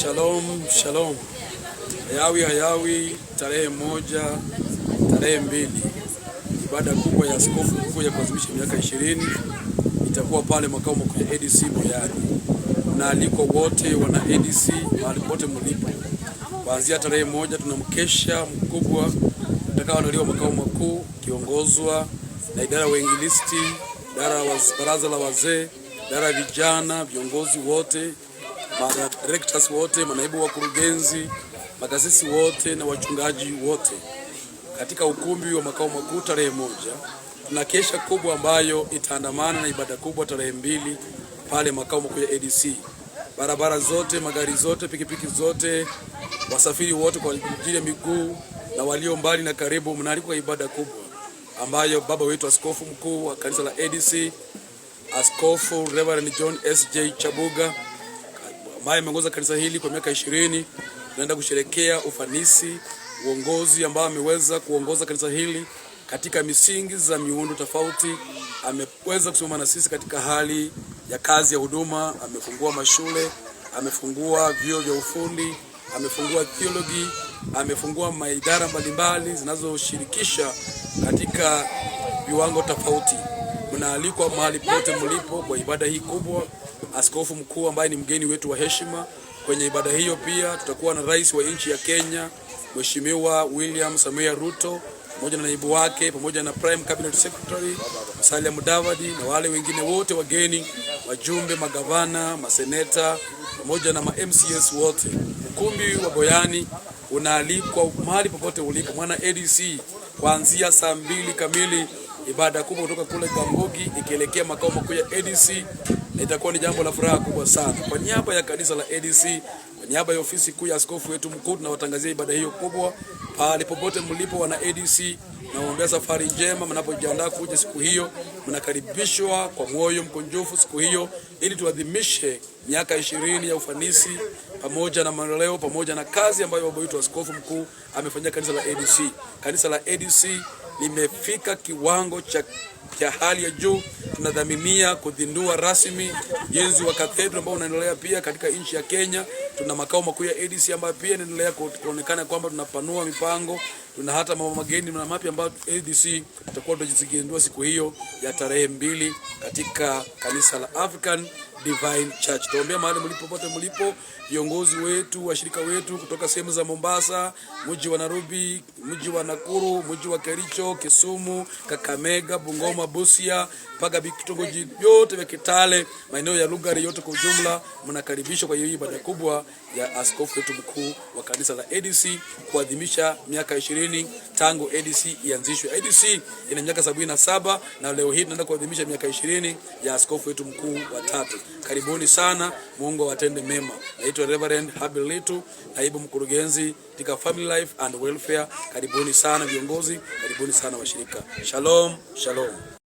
Shalom, shalom. Hayawi hayawi, tarehe moja, tarehe mbili, ibada kubwa ya askofu mkuu ya kuadhimisha miaka ishirini itakuwa pale makao makuu ya ADC Moyani. Mnaalikwa wote wana ADC mahali pote mlipo. Kuanzia tarehe moja tuna mkesha mkubwa utakaoandaliwa makao makuu kiongozwa na idara ya uingilisti, idara ya baraza la wazee, idara ya vijana, viongozi wote mara rectors wote, manaibu wakurugenzi, makasisi wote na wachungaji wote katika ukumbi wa makao makuu tarehe moja. Tuna kesha kubwa ambayo itaandamana na ibada kubwa tarehe mbili pale makao makuu ya ADC. Barabara zote, magari zote, pikipiki zote, wasafiri wote kwa ajili ya miguu na walio mbali na karibu, mnaalikwa ibada kubwa ambayo baba wetu askofu mkuu wa kanisa la ADC Askofu Reverend John S.J. Chabuga ambaye ameongoza kanisa hili kwa miaka ishirini. Tunaenda kusherekea ufanisi uongozi ambao ameweza kuongoza kanisa hili katika misingi za miundo tofauti. Ameweza kusimama na sisi katika hali ya kazi ya huduma. Amefungua mashule, amefungua vyuo vya ufundi, amefungua theology, amefungua maidara mbalimbali zinazoshirikisha katika viwango tofauti. Mnaalikwa mahali pote mlipo kwa ibada hii kubwa askofu mkuu ambaye ni mgeni wetu wa heshima kwenye ibada hiyo. Pia tutakuwa na rais wa nchi ya Kenya Mheshimiwa William Samia Ruto pamoja na naibu wake pamoja na Prime Cabinet Secretary Musalia Mudavadi na wale wengine wote wageni, wajumbe, magavana, maseneta pamoja na ma MCS wote. Ukumbi wa Boyani unaalikwa mahali popote ulipo, mwana ADC, kuanzia saa mbili kamili ibada kubwa kutoka kule Kangogi ikielekea makao makuu ya ADC itakuwa ni jambo la furaha kubwa sana. Kwa niaba ya kanisa la ADC, kwa niaba ya ofisi kuu ya askofu wetu mkuu, tunawatangazia ibada hiyo kubwa. Pale popote mlipo, wana ADC, nawaombea safari njema mnapojiandaa kuja siku hiyo. Mnakaribishwa kwa moyo mkunjufu siku hiyo, ili tuadhimishe miaka ishirini ya ufanisi pamoja na maendeleo pamoja na kazi ambayo baba yetu askofu mkuu amefanyia kanisa la ADC. Kanisa la ADC limefika kiwango cha, cha hali ya juu. Tunadhaminia kuzindua rasmi ujenzi wa kathedra ambao unaendelea pia katika nchi ya Kenya. Tuna makao makuu ya ADC ambayo pia inaendelea kuonekana kwamba tunapanua mipango, tuna hata mambo mageni na mapya ambayo ADC tutakuwa tunajizindua siku hiyo ya tarehe mbili katika kanisa la African Divine Church. Tuombea mahali mlipo pote mlipo, viongozi wetu, washirika wetu kutoka sehemu za Mombasa, mji wa Nairobi, mji wa Nakuru, mji wa Kericho, Kisumu, Kakamega, Bungoma, Busia, mpaka vitongoji vyote vya Kitale, maeneo ya Lugari yote kwa ujumla, mnakaribishwa kwa hiyo ibada kubwa ya askofu wetu mkuu wa kanisa la ADC kuadhimisha miaka 20 tangu ADC ianzishwe. ADC ina miaka 77 na leo hii tunaenda kuadhimisha miaka 20 ya askofu wetu mkuu wa tatu. Karibuni sana, Mungu awatende mema. Naitwa Reverend Habil Litu, naibu mkurugenzi katika Family Life and Welfare. Karibuni sana viongozi, karibuni sana washirika. Shalom, shalom.